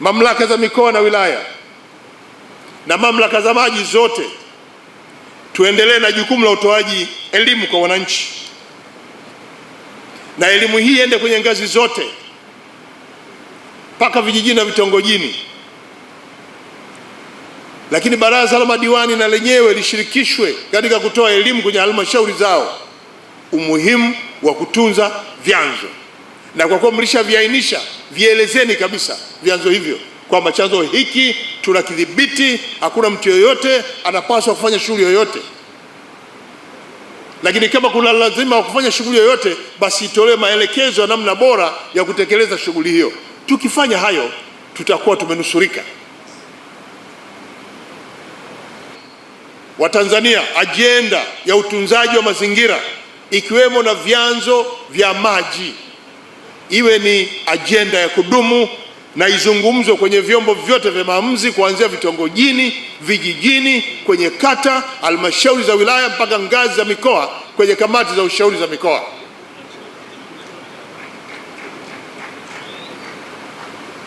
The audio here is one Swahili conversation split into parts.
mamlaka za mikoa na wilaya na mamlaka za maji zote tuendelee na jukumu la utoaji elimu kwa wananchi, na elimu hii iende kwenye ngazi zote mpaka vijijini na vitongojini. Lakini baraza la madiwani na lenyewe lishirikishwe katika kutoa elimu kwenye halmashauri zao, umuhimu wa kutunza vyanzo, na kwa kuwa mlishaviainisha vielezeni kabisa vyanzo hivyo kwamba chanzo hiki tunakidhibiti, hakuna mtu yoyote anapaswa kufanya shughuli yoyote. Lakini kama kuna lazima kufanya shughuli yoyote, basi itolewe maelekezo ya namna bora ya kutekeleza shughuli hiyo. Tukifanya hayo, tutakuwa tumenusurika. Watanzania, ajenda ya utunzaji wa mazingira ikiwemo na vyanzo vya maji iwe ni ajenda ya kudumu na izungumzwe kwenye vyombo vyote vya maamuzi kuanzia vitongojini, vijijini, kwenye kata, halmashauri za wilaya mpaka ngazi za mikoa, kwenye kamati za ushauri za mikoa.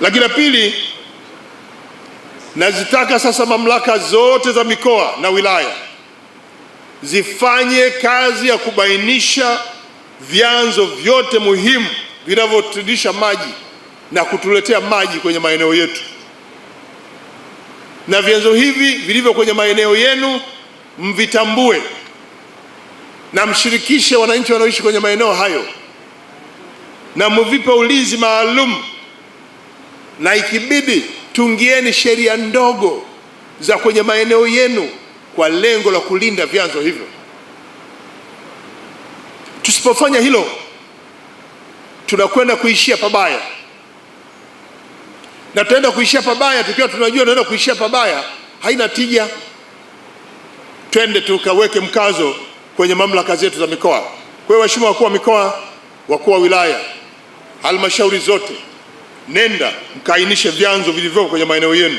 Lakini la pili, nazitaka sasa mamlaka zote za mikoa na wilaya zifanye kazi ya kubainisha vyanzo vyote muhimu vinavyotiririsha maji na kutuletea maji kwenye maeneo yetu, na vyanzo hivi vilivyo kwenye maeneo yenu mvitambue na mshirikishe wananchi wanaoishi kwenye maeneo hayo na mvipe ulinzi maalum, na ikibidi tungieni sheria ndogo za kwenye maeneo yenu kwa lengo la kulinda vyanzo hivyo. Tusipofanya hilo tunakwenda kuishia pabaya, na tutaenda kuishia pabaya tukiwa tunajua tunaenda kuishia pabaya, haina tija. Twende tukaweke mkazo kwenye mamlaka zetu za mikoa. Kwa hiyo, waheshimiwa wakuu wa mikoa, wakuu wa wilaya, halmashauri zote, nenda mkaainishe vyanzo vilivyopo kwenye maeneo yenu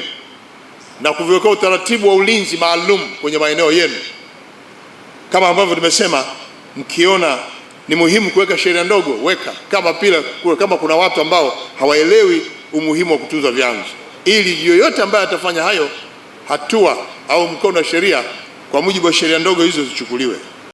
na kuviwekea utaratibu wa ulinzi maalum kwenye maeneo yenu, kama ambavyo nimesema mkiona ni muhimu kuweka sheria ndogo, weka kama pila, kama kuna watu ambao hawaelewi umuhimu wa kutunza vyanzo, ili yoyote ambaye atafanya hayo hatua au mkono wa sheria kwa mujibu wa sheria ndogo hizo zichukuliwe.